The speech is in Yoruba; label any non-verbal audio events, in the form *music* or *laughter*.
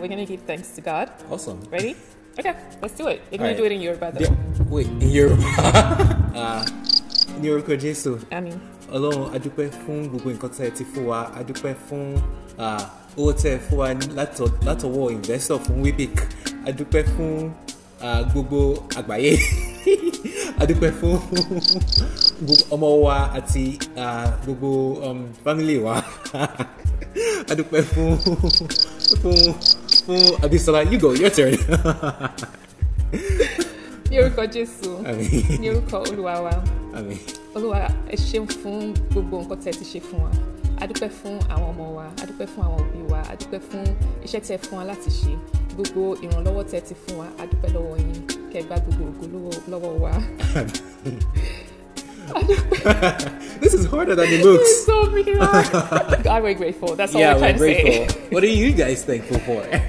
we're gonna give thanks to God. Awesome. Ready? Okay, let's do it. You're gonna right. do it in Yoruba, though. Yeah. Wait, in Yoruba? uh, *laughs* ní orúkọ Jésù. Àmín. Ọlọ́run adúpẹ́ fún gbogbo nǹkan tẹ́ ẹ ti fún wa adúpẹ́ fún owó tẹ́ ẹ fún wa látọwọ́ investor fún Webic adúpẹ́ *laughs* fún gbogbo àgbáyé adúpẹ́ fún ọmọ wa àti gbogbo um, family wa adúpẹ́ *laughs* fún fún. spoon. Abisala, you go. Your turn. Ní *laughs* Jésù. Àmín. Ní orúkọ Olúwa Olúwa ẹ ṣeun fún gbogbo nǹkan tẹ́ ti ṣe fún wa. A dúpẹ́ fún àwọn ọmọ wa, a dúpẹ́ fún àwọn òbí wa, a dúpẹ́ fún iṣẹ́ tẹ́ fún wa láti ṣe. Gbogbo ìrànlọ́wọ́ tẹ́ ti fún wa, a dúpẹ́ lọ́wọ́ yín. Kẹ́ gba gbogbo ògo lọ́wọ́ wa. *laughs* this is harder than it looks. It's so big. God, we grateful. That's all yeah, we're, we're grateful. what are you guys thankful for?